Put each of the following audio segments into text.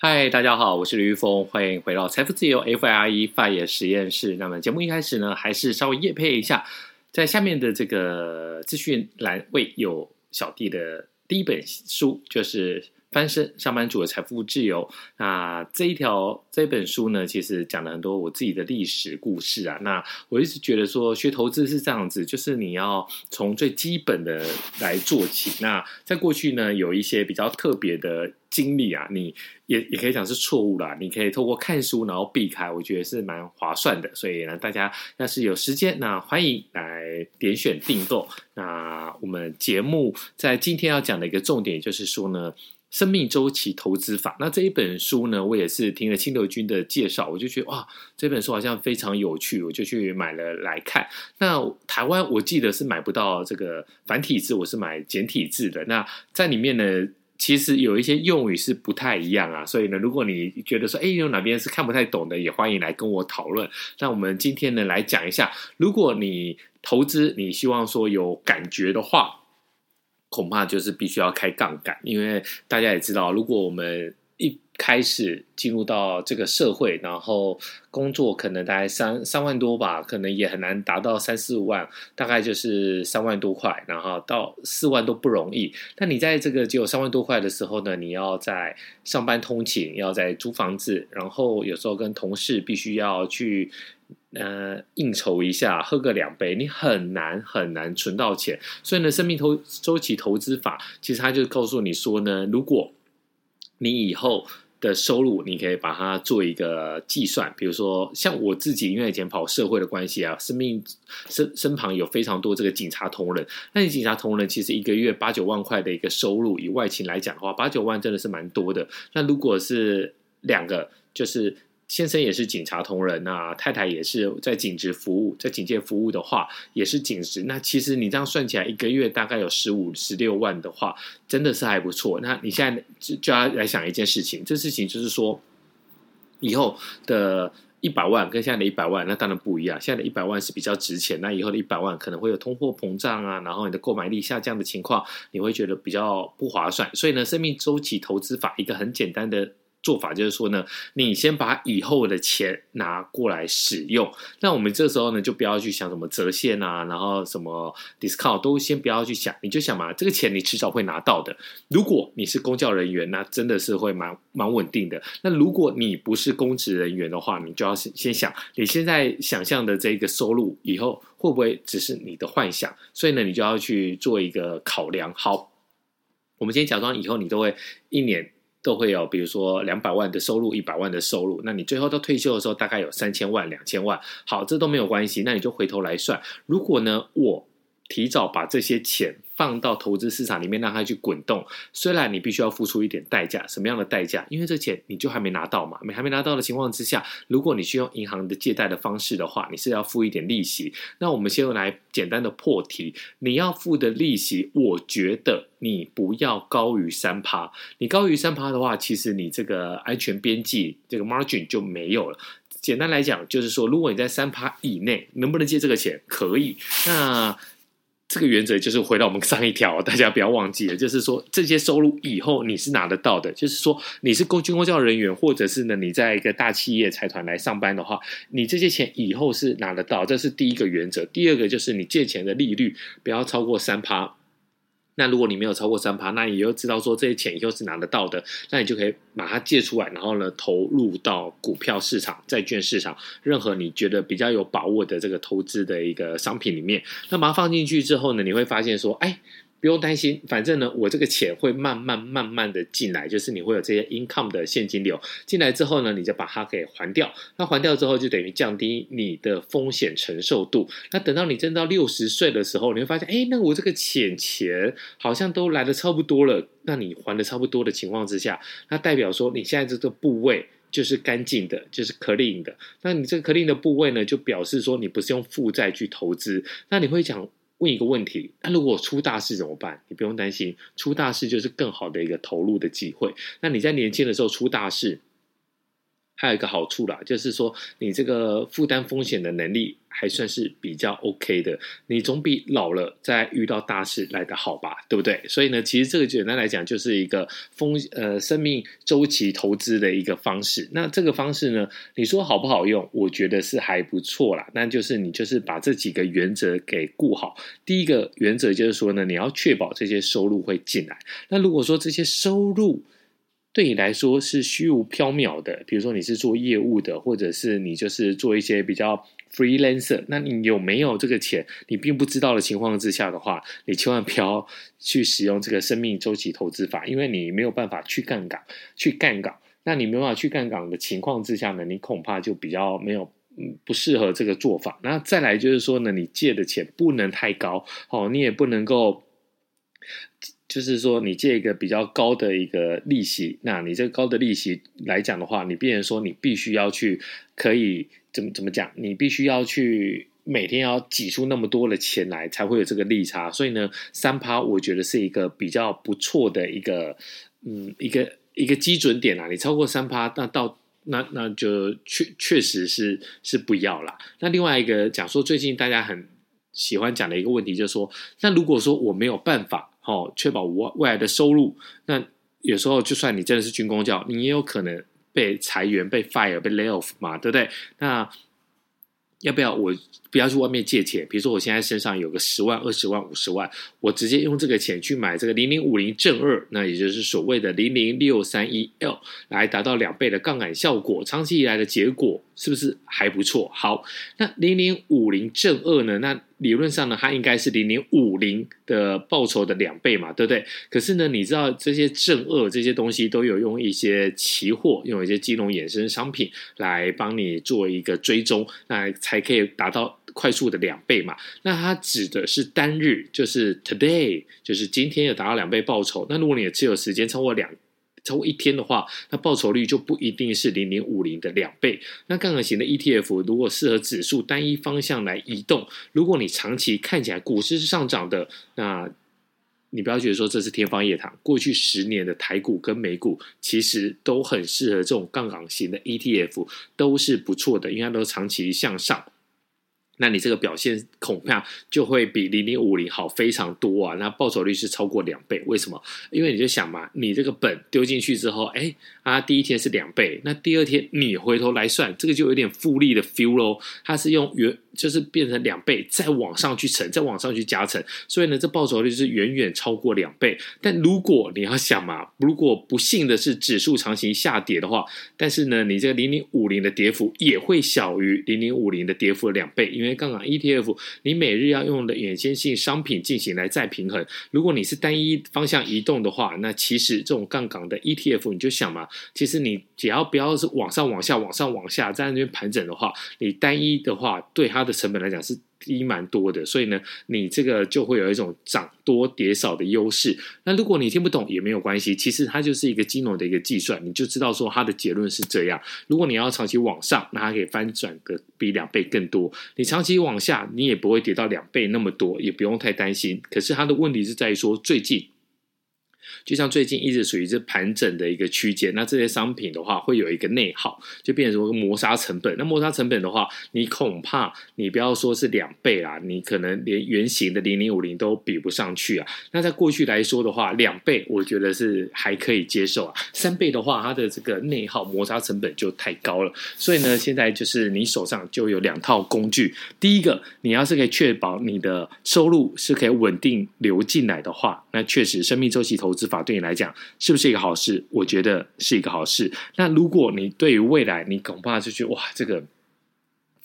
嗨，Hi, 大家好，我是林裕豐，歡迎回到財富自由 fire 實驗室。那麼節目一開始呢，還是稍微業配一下，在下面的這個資訊欄位有小弟的第一本書，就是，翻身上班族的財富自由。那這一條這一本書呢，其實講了很多我自己的歷史故事啊。那我一直覺得說，學投資是這樣子，就是你要從最基本的來做起。那在過去呢，有一些比較特別的經歷啊，你也也可以講是錯誤啦。你可以透過看書，然後避開，我覺得是蠻划算的。所以呢，大家要是有時間，那歡迎來點選訂購。那我們節目在今天要講的一個重點，就是說呢。生命週期投資法，那這一本書呢，我也是聽了清流君的介紹，我就覺得哇，這本書好像非常有趣，我就去買了來看。那台灣我記得是買不到這個繁體字，我是買簡體字的。那在裡面呢，其實有一些用語是不太一樣啊，所以呢，如果你覺得說誒、欸、有哪邊是看不太懂的，也歡迎來跟我討論。那我們今天呢來講一下，如果你投資，你希望說有感覺的話。恐怕就是必須要開槓桿，因為大家也知道，如果我們，一開始進入到這個社會，然後工作，可能大概三三萬多吧，可能也很難達到三四五萬，大概就是三萬多塊，然後到四萬都不容易。但你在這個只有三萬多塊的時候呢，你要在上班通勤，要在租房子，然後有時候跟同事必須要去呃應酬一下，喝個兩杯，你很難很難存到錢。所以呢，生命投週期投資法其實它就告訴你說呢，如果你以後的收入，你可以把它做一個計算。比如說，像我自己，因為以前跑社會的關係啊，生命身命身身旁有非常多這個警察同仁。那你警察同仁其實一個月八九萬塊的一個收入，以外勤來講的話，八九萬真的是蠻多的。那如果是兩個，就是。先生也是警察同仁啊，太太也是在警職服務，在警界服務的話也是警職。那其實你這樣算起來，一個月大概有十五、十六萬的話，真的是還不錯。那你現在就要來想一件事情，這事情就是說，以後的一百萬跟現在的一百萬，那當然不一樣。現在的一百萬是比較值錢，那以後的一百萬可能會有通貨膨脹啊，然後你的購買力下降的情況，你會覺得比較不划算。所以呢，生命周期投資法一個很簡單的。做法就是說呢，你先把以後的錢拿過來使用。那我們這時候呢，就不要去想什麼折現啊，然後什麼 discount 都先不要去想，你就想嘛，這個錢你遲早會拿到的。如果你是公教人員，那真的是會蠻蠻穩定的。那如果你不是公職人員的話，你就要先先想，你現在想象的這個收入以後會不會只是你的幻想？所以呢，你就要去做一個考量。好，我們先假裝以後你都會一年。都會有，比如說兩百萬的收入，一百萬的收入，那你最後到退休的時候大概有三千萬、兩千萬，好，這都沒有關係，那你就回頭來算，如果呢，我。提早把這些錢放到投資市場裡面，讓它去滾動。雖然你必須要付出一點代價，什麼樣的代價？因為這錢你就還沒拿到嘛，沒還沒拿到的情況之下，如果你需要銀行的借貸的方式的話，你是要付一點利息。那我們先來簡單的破題，你要付的利息，我覺得你不要高於三趴。你高於三趴的話，其實你這個安全邊際這個 margin 就沒有了。簡單來講，就是說，如果你在三趴以內，能不能借這個錢？可以。那這個原則就是回到我們上一條，大家不要忘記了，就是說這些收入以後你是拿得到的，就是說你是公、軍、公教人員，或者是呢你在一個大企業財團來上班的話，你這些錢以後是拿得到，這是第一個原則。第二個就是你借錢的利率不要超過三趴。那如果你沒有超過三趴，那你又知道說這些錢又是拿得到的，那你就可以把它借出來，然後呢，投入到股票市場、債券市場，任何你覺得比較有把握的這個投資的一個商品裡面。那把它放進去之後呢，你會發現說，哎。不用擔心，反正呢，我這個錢會慢慢、慢慢的進來，就是你會有這些 income 的現金流進來之後呢，你就把它給還掉。那還掉之後，就等於降低你的風險承受度。那等到你掙到六十歲的時候，你會發現，誒，那我這個錢錢好像都來的差不多了。那你還的差不多的情況之下，那代表說你現在這個部位就是乾淨的，就是 clean 的。那你這個 clean 的部位呢，就表示說你不是用負債去投資。那你會講，問一個問題，那如果出大事怎麼辦？你不用擔心，出大事就是更好的一個投入的機會。那你在年輕的時候出大事。還有一個好處啦，就是說你這個負擔風險的能力還算是比較 OK 的，你總比老了再遇到大事來得好吧，對不對？所以呢，其實這個簡單來講就是一個風呃，生命週期投資的一個方式。那這個方式呢，你說好不好用？我覺得是還不錯啦。那就是你就是把這幾個原則給顧好。第一個原則就是說呢，你要確保這些收入會進來。那如果說這些收入，對你來說是虛無縹緲的，比如說你是做業務的，或者是你就是做一些比較 freelancer，那你有沒有這個錢？你並不知道的情況之下的話，你千萬不要去使用這個生命周期投資法，因為你沒有辦法去槓桿，去槓桿。那你沒有辦法去槓桿的情況之下呢，你恐怕就比較沒有嗯，不適合這個做法。那再來就是說呢，你借的錢不能太高哦，你也不能夠。就是說，你借一個比較高的一個利息，那你這個高的利息來講的話，你變成說你必須要去，可以怎麼怎麼講？你必須要去每天要擠出那麼多的錢來，才會有這個利差。所以呢，三趴我覺得是一個比較不錯的一個，嗯，一個一個基準點啦。你超過三趴，那到那那就確確實是是不要啦。那另外一個講說，最近大家很喜歡講的一個問題，就是說，那如果說我沒有辦法。哦，確保我未來的收入。那有時候就算你真的是軍公教，你也有可能被裁員、被 fire、被 lay off 嘛，對不對？那要不要我不要去外面借錢？比如說我現在身上有個十萬、二十萬、五十萬，我直接用這個錢去買這個零零五零正二，那也就是所謂的零零六三一 L 來達到兩倍的槓桿效果，長期以來的結果是不是還不錯？好，那零零五零正二呢？那理論上呢，它應該是零零五零的報酬的兩倍嘛，對不對？可是呢，你知道這些正二這些東西都有用一些期貨，用一些金融衍生商品來幫你做一個追蹤，那才可以達到快速的兩倍嘛。那它指的是單日，就是 today，就是今天有達到兩倍報酬。那如果你持有時間超過兩，超過一天的話，那報酬率就不一定是0050的兩倍。那槓桿型的 ETF 如果適合指數單一方向來移動，如果你長期看起來股市是上漲的，那你不要覺得說這是天方夜譚。過去十年的台股跟美股其實都很適合這種槓桿型的 ETF，都是不錯的，因為它都長期向上。那你這個表現恐怕就會比零零五零好非常多啊！那報酬率是超過兩倍，為什麼？因為你就想嘛，你這個本丟進去之後，哎啊，第一天是兩倍，那第二天你回頭來算，這個就有點複利的 feel 咯。它是用原。就是變成兩倍，再往上去乘，再往上去加乘，所以呢，這報酬率是遠遠超過兩倍。但如果你要想嘛，如果不幸的是指數長期下跌的話，但是呢，你這個零零五零的跌幅也會小於零零五零的跌幅的兩倍，因為槓桿 ETF 你每日要用的遠期性商品進行來再平衡。如果你是單一方向移動的話，那其實這種槓桿的 ETF 你就想嘛，其實你只要不要是往上、往下、往上、往下在那邊盤整的話，你單一的話對它的。的成本來講是低蠻多的，所以呢，你這個就會有一種漲多跌少的優勢。那如果你聽不懂也沒有關係，其實它就是一個金融的一個計算，你就知道說它的結論是這樣。如果你要長期往上，那它可以翻轉個比兩倍更多；你長期往下，你也不會跌到兩倍那麼多，也不用太擔心。可是它的問題是在於說最近。就像最近一直屬於是盤整的一個區間，那這些商品的話會有一個內耗，就變成一個磨砂成本。那磨砂成本的話，你恐怕你不要說是兩倍啦，你可能連原型的零零五零都比不上去啊。那在過去來說的話，兩倍我覺得是還可以接受啊，三倍的話它的這個內耗磨砂成本就太高了。所以呢，現在就是你手上就有兩套工具，第一個你要是可以確保你的收入是可以穩定流進來的話，那確實生命周期投資。執法對你來講是不是一個好事？我覺得是一個好事。那如果你對於未來，你恐怕就覺得哇，這個。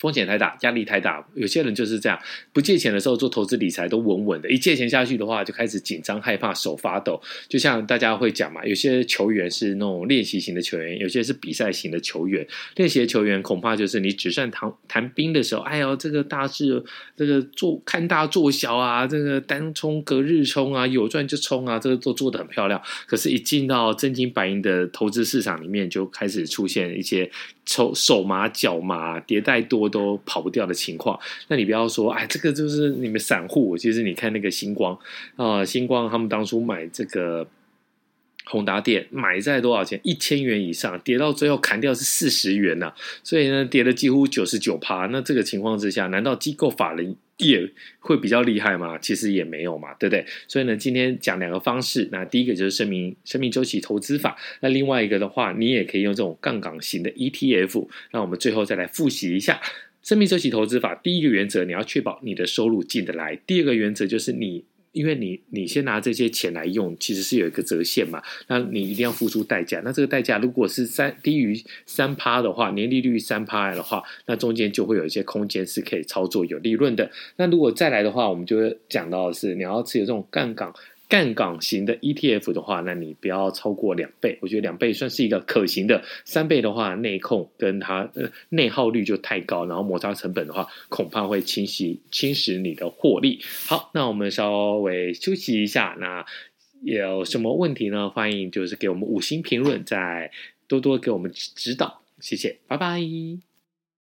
風險太大，壓力太大。有些人就是這樣，不借錢的時候做投資理財都穩穩的，一借錢下去的話，就開始緊張害怕，手發抖。就像大家會講嘛，有些球員是那種練習型的球員，有些是比賽型的球員。練習的球員恐怕就是你紙上談談兵的時候，哎呦，這個大事，這個做看大做小啊，這個單沖隔日沖啊，有賺就沖啊，這個都做得很漂亮。可是，一進到真金白銀的投資市場裡面，就開始出現一些。手手麻腳麻，跌再多都跑不掉的情況，那你不要說，哎，這個就是你們散戶。其實你看那個星光啊，呃，星光他們當初買這個宏達電，買在多少錢？一千元以上，跌到最後砍掉是四十元呢，啊。所以呢，跌了幾乎九十九趴。那這個情況之下，難道機構法人，也、yeah, 會比較厲害嗎？其實也沒有嘛，對不對？所以呢，今天講兩個方式。那第一個就是生命生命週期投資法，那另外一個的話，你也可以用這種槓桿型的 ETF。那我們最後再來複習一下生命週期投資法。第一個原則，你要確保你的收入進得來；第二個原則，就是你。因為你你先拿這些錢來用，其實是有一個折現嘛，那你一定要付出代價。那這個代價如果是三低於三趴的話，年利率三趴的話，那中間就會有一些空間是可以操作有利潤的。那如果再來的話，我們就講到的是你要持有這種槓桿。槓桿型的 ETF 的話，那你不要超過兩倍，我覺得兩倍算是一個可行的。三倍的話，內控跟它呃內耗率就太高，然後摩擦成本的話，恐怕會侵襲侵蝕你的獲利。好，那我們稍微休息一下。那有什麼問題呢？歡迎就是給我們五星評論，再多多給我們指導，謝謝，拜拜。